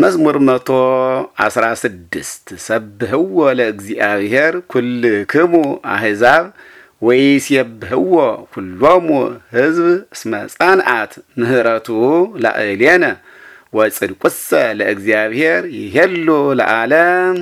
መዝሙር መቶ አስራ ስድስት ሰብህዎ ለእግዚአብሔር ኩልክሙ አሕዛብ ወይሴብህዎ ኩሎሙ ሕዝብ እስመ ጻንዓት ምህረቱ ላዕሌነ ወጽድቁሰ ለእግዚአብሔር ይሄሉ ለዓለም